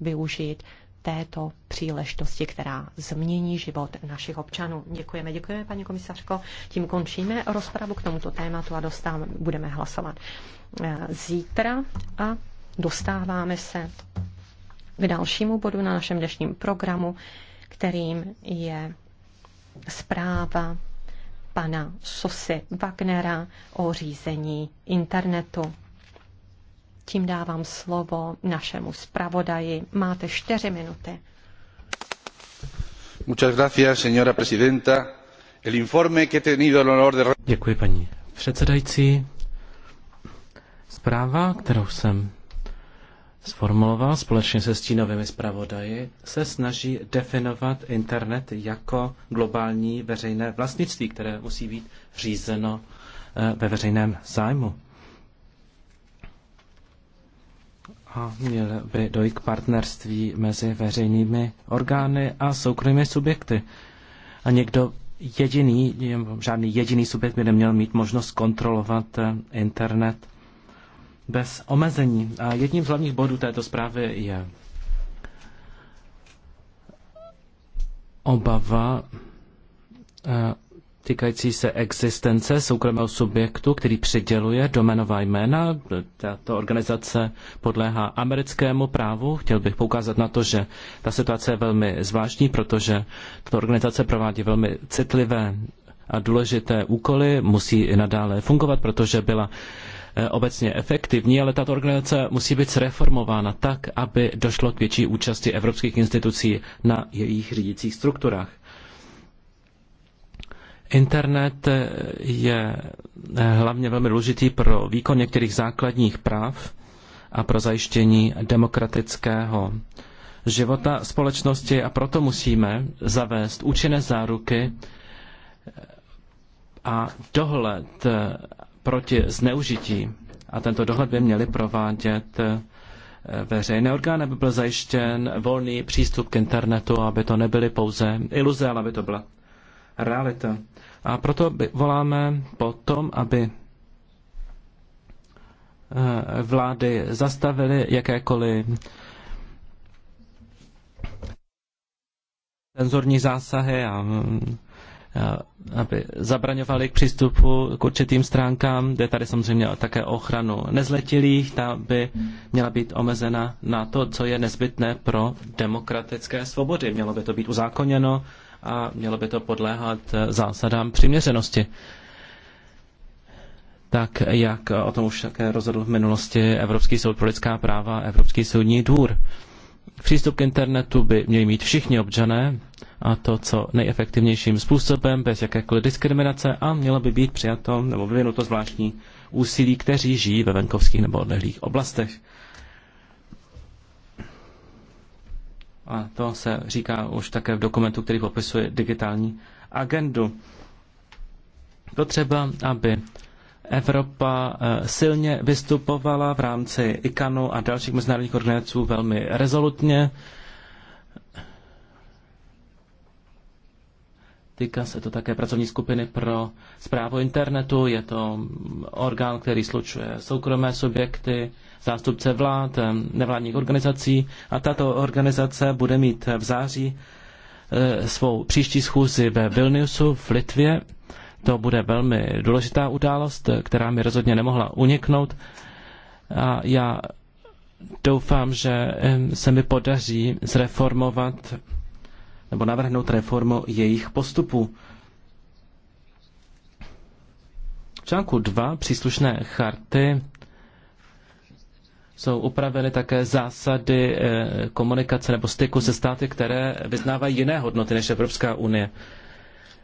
využít této příležitosti, která změní život našich občanů. Děkujeme, děkujeme, paní komisařko. Tím končíme rozpravu k tomuto tématu a dostáváme, budeme hlasovat eh, zítra a dostáváme se k dalšímu bodu na našem dnešním programu, kterým je zpráva pana Sosy Wagnera o řízení internetu. Tím dávám slovo našemu zpravodaji. Máte čtyři minuty. Děkuji, paní předsedající. Zpráva, kterou jsem sformuloval společně se stínovými zpravodaji, se snaží definovat internet jako globální veřejné vlastnictví, které musí být řízeno eh, ve veřejném zájmu. A měl by dojít k partnerství mezi veřejnými orgány a soukromými subjekty. A někdo jediný, žádný jediný subjekt by neměl mít možnost kontrolovat eh, internet bez omezení. A jedním z hlavních bodů této zprávy je obava eh, týkající se existence soukromého subjektu, který přiděluje domenová jména. Tato organizace podléhá americkému právu. Chtěl bych poukázat na to, že ta situace je velmi zvláštní, protože tato organizace provádí velmi citlivé a důležité úkoly, musí i nadále fungovat, protože byla eh, obecně efektivní, ale tato organizace musí být reformována tak, aby došlo k větší účasti evropských institucí na jejich řídících strukturách. Internet je eh, hlavně velmi důležitý pro výkon některých základních práv a pro zajištění demokratického života společnosti a proto musíme zavést účinné záruky a dohled eh, proti zneužití. A tento dohled by měli provádět eh, veřejné orgány, aby byl zajištěn volný přístup k internetu, aby to nebyly pouze iluze, ale aby to byla realita. A proto voláme po tom, aby eh, vlády zastavily jakékoliv cenzorní zásahy a mm, aby zabraňovali k přístupu k určitým stránkám. Jde tady samozřejmě také o ochranu nezletilých, ta by měla být omezena na to, co je nezbytné pro demokratické svobody. Mělo by to být uzákoněno a mělo by to podléhat eh, zásadám přiměřenosti. Tak, jak o tom už také rozhodl v minulosti Evropský soud pro lidská práva, Evropský soudní dvůr. Přístup k internetu by měli mít všichni občané, a to co nejefektivnějším způsobem, bez jakékoliv diskriminace a mělo by být přijato nebo vyvinuto zvláštní úsilí, kteří žijí ve venkovských nebo odlehlých oblastech. A to se říká už také v dokumentu, který popisuje digitální agendu. Potřeba, aby Evropa eh, silně vystupovala v rámci ICANu a dalších mezinárodních organizací velmi rezolutně, Týká se to také pracovní skupiny pro zprávu internetu. Je to orgán, který slučuje soukromé subjekty, zástupce vlád, nevládních organizací. A tato organizace bude mít v září eh, svou příští schůzi ve Vilniusu v Litvě. To bude velmi důležitá událost, eh, která mi rozhodně nemohla uniknout. A já doufám, že se mi podaří zreformovat nebo navrhnout reformu jejich postupu. V článku 2 příslušné charty jsou upraveny také zásady eh, komunikace nebo styku se státy, které vyznávají jiné hodnoty než Evropská unie.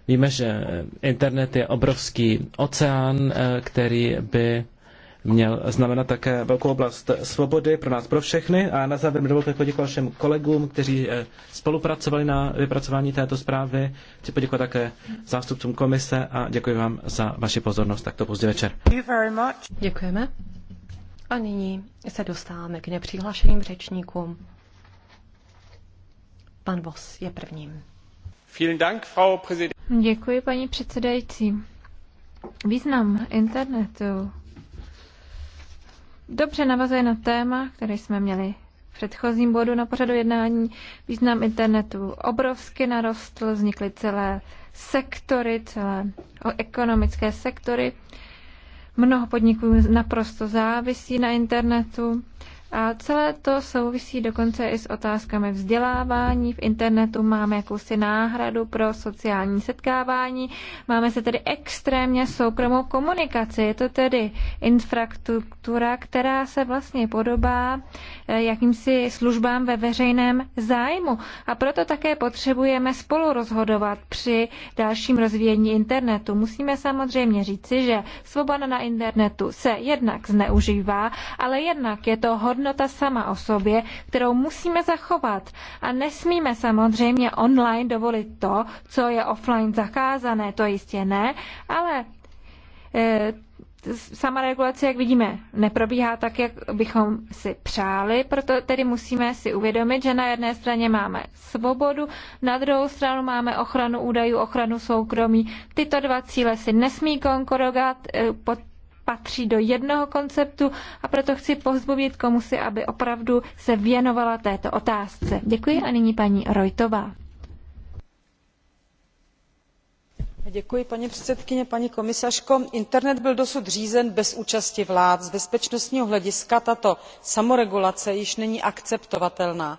Víme, že internet je obrovský oceán, eh, který by měl znamenat také velkou oblast svobody pro nás, pro všechny. A na závěr mi dovolte poděkovat všem kolegům, kteří eh, spolupracovali na vypracování této zprávy. Chci poděkovat také zástupcům komise a děkuji vám za vaši pozornost takto pozdě večer. Děkujeme. A nyní se dostáváme k nepřihlášeným řečníkům. Pan Vos je prvním. Děkuji, paní předsedající. Význam internetu dobře navazuje na téma, které jsme měli v předchozím bodu na pořadu jednání. Význam internetu obrovsky narostl, vznikly celé sektory, celé ekonomické sektory. Mnoho podniků naprosto závisí na internetu. A celé to souvisí dokonce i s otázkami vzdělávání. V internetu máme jakousi náhradu pro sociální setkávání. Máme se tedy extrémně soukromou komunikaci. Je to tedy infrastruktura, která se vlastně podobá eh, jakýmsi službám ve veřejném zájmu. A proto také potřebujeme spolu rozhodovat při dalším rozvíjení internetu. Musíme samozřejmě říci, že svoboda na internetu se jednak zneužívá, ale jednak je to hodně hodnota sama o sobě, kterou musíme zachovat. A nesmíme samozřejmě online dovolit to, co je offline zakázané, to jistě ne, ale e, sama regulace, jak vidíme, neprobíhá tak, jak bychom si přáli, proto tedy musíme si uvědomit, že na jedné straně máme svobodu, na druhou stranu máme ochranu údajů, ochranu soukromí. Tyto dva cíle si nesmí konkurovat, e, pod, patří do jednoho konceptu a proto chci pozbudit komusi, aby opravdu se věnovala této otázce. Děkuji a nyní paní Rojtová. Děkuji, paní předsedkyně paní komisařko internet byl dosud řízen bez účasti vlád. z bezpečnostního hlediska tato samoregulace již není akceptovatelná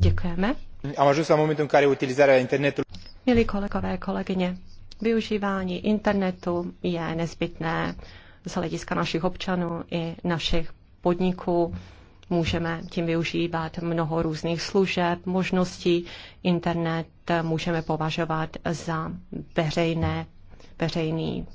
Děkujeme. Am ajuns la momentul în care utilizarea Milí kolegové, kolegyně, využívání internetu je nezbytné z hlediska našich občanů i našich podniků. Můžeme tím využívat mnoho různých služeb, možností. Internet můžeme považovat za veřejné, veřejný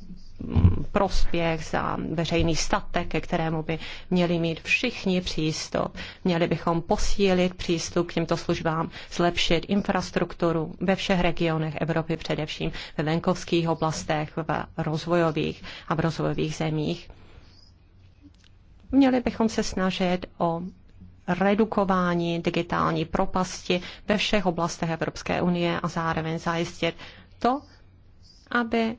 prospěch, za veřejný statek, ke kterému by měli mít všichni přístup. Měli bychom posílit přístup k těmto službám, zlepšit infrastrukturu ve všech regionech Evropy, především ve venkovských oblastech, v rozvojových a v rozvojových zemích. Měli bychom se snažit o redukování digitální propasti ve všech oblastech Evropské unie a zároveň zajistit to, aby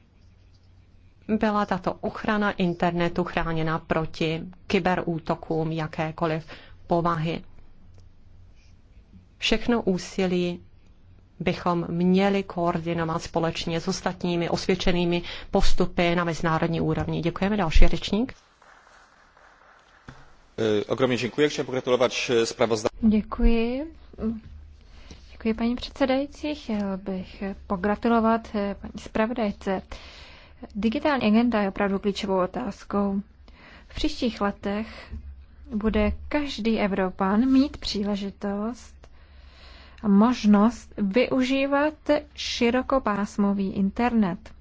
byla tato ochrana internetu chráněna proti kyberútokům jakékoliv povahy. Všechno úsilí bychom měli koordinovat společně s ostatními osvědčenými postupy na mezinárodní úrovni. Děkujeme. Další řečník. Eh, ogromně děkuji. Chtěl pogratulovat eh, zpravodaj. Děkuji. Děkuji paní předsedající. Chtěl bych pogratulovat eh, paní zpravodajce. Digitální agenda je opravdu klíčovou otázkou. V příštích letech bude každý Evropan mít příležitost a možnost využívat širokopásmový internet.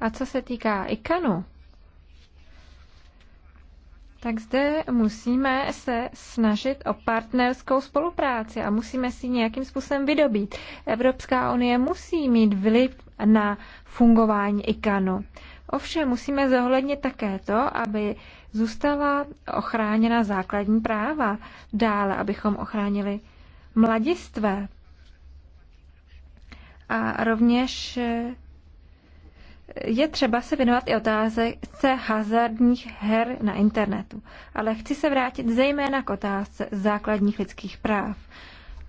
A co se týká ikanu, tak zde musíme se snažit o partnerskou spolupráci a musíme si nějakým způsobem vydobít. Evropská unie musí mít vliv na fungování IKANu. Ovšem musíme zohlednit také to, aby zůstala ochráněna základní práva, dále abychom ochránili mladistvé a rovněž je třeba se věnovat i otázce hazardních her na internetu. Ale chci se vrátit zejména k otázce základních lidských práv.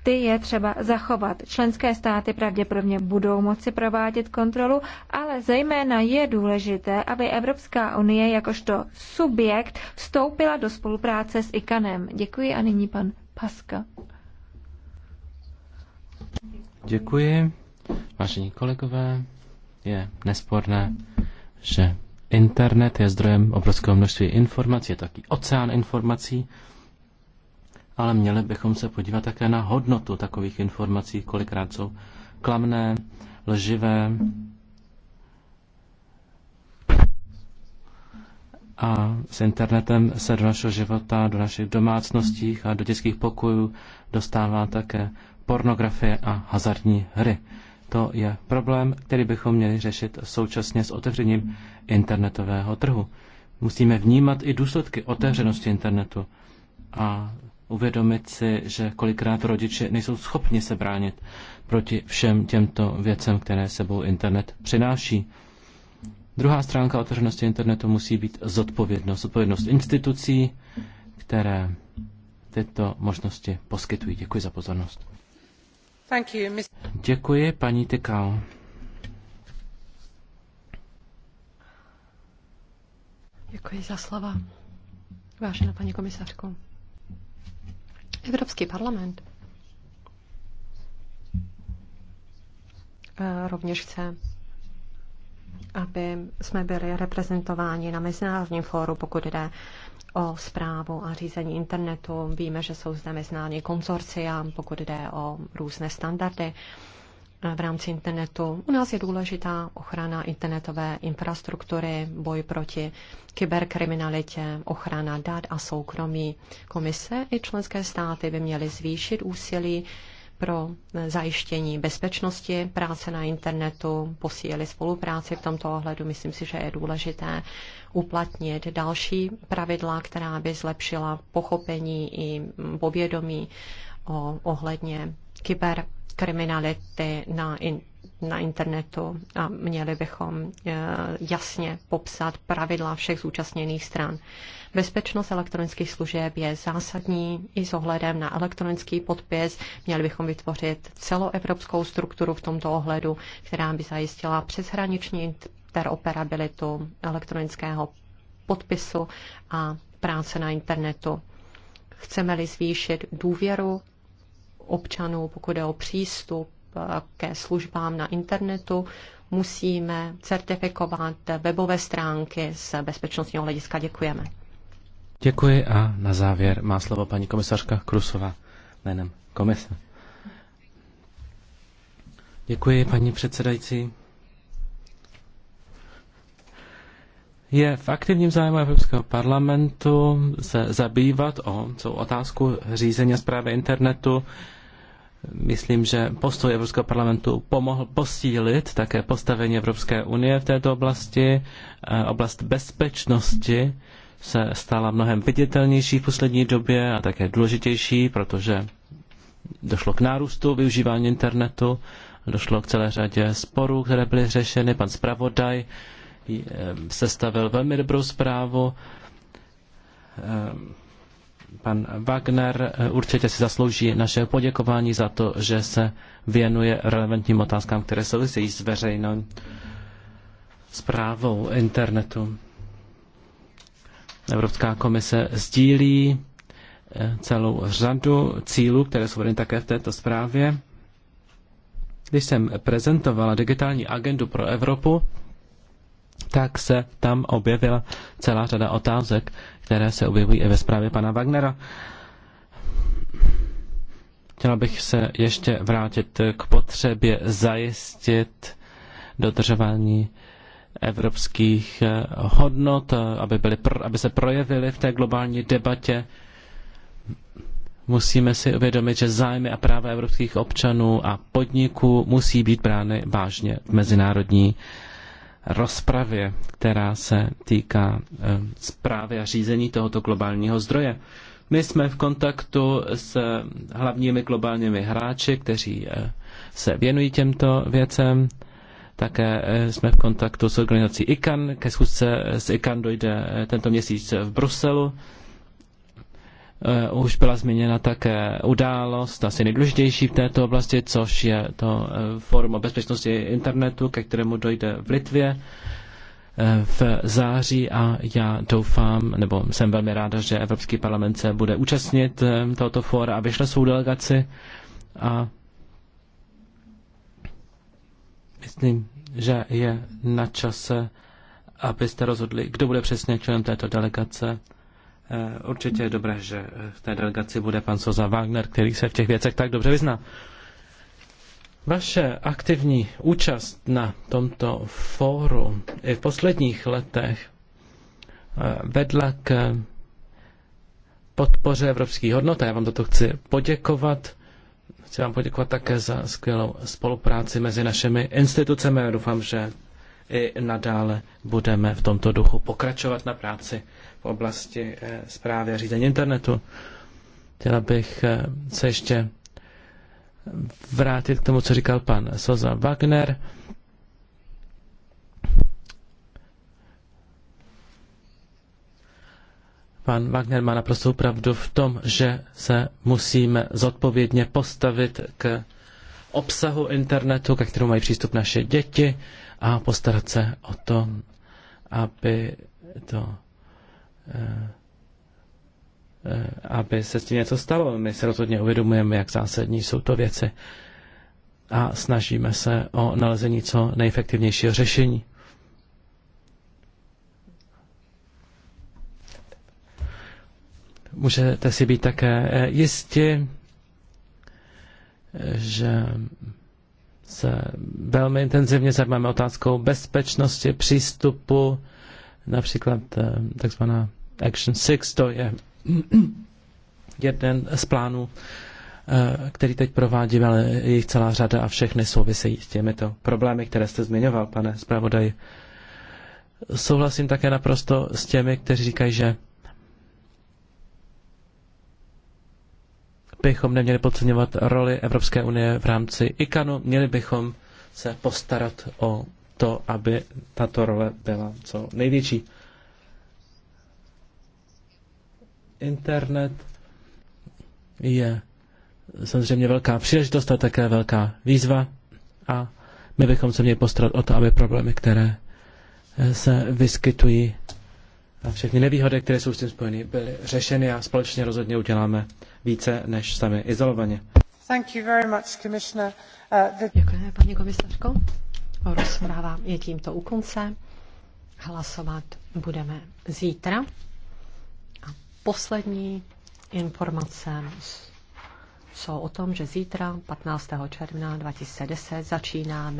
Ty je třeba zachovat. Členské státy pravděpodobně budou moci provádět kontrolu, ale zejména je důležité, aby Evropská unie jakožto subjekt vstoupila do spolupráce s ICANem. Děkuji a nyní pan Paska. Děkuji. Vážení kolegové, je nesporné, že internet je zdrojem obrovského množství informací, je taky oceán informací, ale měli bychom se podívat také na hodnotu takových informací, kolikrát jsou klamné, lživé. A s internetem se do našeho života, do našich domácností a do dětských pokojů dostává také pornografie a hazardní hry. To je problém, který bychom měli řešit současně s otevřením internetového trhu. Musíme vnímat i důsledky otevřenosti internetu a uvědomit si, že kolikrát rodiče nejsou schopni se bránit proti všem těmto věcem, které sebou internet přináší. Druhá stránka otevřenosti internetu musí být zodpovědnost. Zodpovědnost institucí, které tyto možnosti poskytují. Děkuji za pozornost. Děkuji, paní Tykal. Děkuji za slova. Vážená paní komisařko. Evropský parlament eh, rovněž chce aby jsme byli reprezentováni na mezinárodním fóru, pokud jde o zprávu a řízení internetu. Víme, že jsou zde mezinárodní konzorcia, pokud jde o různé standardy v rámci internetu. U nás je důležitá ochrana internetové infrastruktury, boj proti kyberkriminalitě, ochrana dat a soukromí. Komise i členské státy by měly zvýšit úsilí pro zajištění bezpečnosti práce na internetu, posílili spolupráci v tomto ohledu. Myslím si, že je důležité uplatnit další pravidla, která by zlepšila pochopení i povědomí ohledně kyberkriminality na internetu na internetu a měli bychom eh, jasně popsat pravidla všech zúčastněných stran. Bezpečnost elektronických služeb je zásadní i s ohledem na elektronický podpis. Měli bychom vytvořit celoevropskou strukturu v tomto ohledu, která by zajistila přeshraniční interoperabilitu elektronického podpisu a práce na internetu. Chceme-li zvýšit důvěru občanů, pokud je o přístup ke službám na internetu, musíme certifikovat webové stránky z bezpečnostního hlediska. Děkujeme. Děkuji a na závěr má slovo paní komisařka Krusová jménem komise. Děkuji, paní předsedající. Je v aktivním zájmu Evropského parlamentu se zabývat o celou otázku řízení a zprávy internetu Myslím, že postoj Evropského parlamentu pomohl posílit také postavení Evropské unie v této oblasti. Eh, oblast bezpečnosti se stala mnohem viditelnější v poslední době a také důležitější, protože došlo k nárůstu využívání internetu, došlo k celé řadě sporů, které byly řešeny. Pan zpravodaj eh, sestavil velmi dobrou zprávu eh, Pan Wagner eh, určitě si zaslouží naše poděkování za to, že se věnuje relevantním otázkám, které souvisejí s veřejnou zprávou internetu. Evropská komise sdílí eh, celou řadu cílů, které jsou vedeny také v této zprávě. Když jsem prezentovala digitální agendu pro Evropu, tak se tam objevila celá řada otázek, které se objevují i ve zprávě pana Wagnera. Chtěla bych se ještě vrátit k potřebě zajistit dodržování evropských eh, hodnot, eh, aby, byly, aby se projevily v té globální debatě. Musíme si uvědomit, že zájmy a práva evropských občanů a podniků musí být brány vážně v mezinárodní uh, rozpravě, která se týká eh, zprávy a řízení tohoto globálního zdroje. My jsme v kontaktu s hlavními globálními hráči, kteří eh, se věnují těmto věcem. Také eh, jsme v kontaktu s organizací ICAN. Ke schůzce s ICAN dojde tento měsíc v Bruselu. Eh, už byla zmíněna také událost, asi nejdůležitější v této oblasti, což je to eh, Fórum o bezpečnosti internetu, ke kterému dojde v Litvě eh, v září a já doufám, nebo jsem velmi ráda, že Evropský parlament se bude účastnit tohoto fóra a vyšle svou delegaci a myslím, že je na čase, abyste rozhodli, kdo bude přesně členem této delegace Eh, určitě je dobré, že eh, v té delegaci bude pan Soza Wagner, který se v těch věcech tak dobře vyzná. Vaše aktivní účast na tomto fóru i v posledních letech eh, vedla k podpoře evropských hodnot. Já vám za to chci poděkovat. Chci vám poděkovat také za skvělou spolupráci mezi našimi institucemi. Já doufám, že i nadále budeme v tomto duchu pokračovat na práci v oblasti eh, zprávy a řízení internetu. Chtěla bych eh, se ještě vrátit k tomu, co říkal pan Soza Wagner. Pan Wagner má naprosto pravdu v tom, že se musíme zodpovědně postavit k obsahu internetu, ke kterému mají přístup naše děti, a postarat se o to, aby to eh, eh, aby se s tím něco stalo. My se rozhodně uvědomujeme, jak zásadní jsou to věci a snažíme se o nalezení co nejefektivnějšího řešení. Můžete si být také eh, jistí, že se velmi intenzivně zabýváme otázkou bezpečnosti, přístupu, například eh, takzvaná Action 6, to je jeden z plánů, eh, který teď provádí, ale jejich celá řada a všechny souvisejí s těmito problémy, které jste zmiňoval, pane zpravodaj. Souhlasím také naprosto s těmi, kteří říkají, že bychom neměli podceňovat roli Evropské unie v rámci ICANu, měli bychom se postarat o to, aby tato role byla co největší. Internet je samozřejmě velká příležitost a také velká výzva a my bychom se měli postarat o to, aby problémy, které se vyskytují a všechny nevýhody, které jsou s tím spojeny, byly řešeny a společně rozhodně uděláme více než sami izolovaně. Thank you very much, Commissioner. Uh, the... Děkujeme, paní komisařko. Rozpráva je tímto u konce. Hlasovat budeme zítra. A poslední informace jsou o tom, že zítra, 15. června 2010, začínáme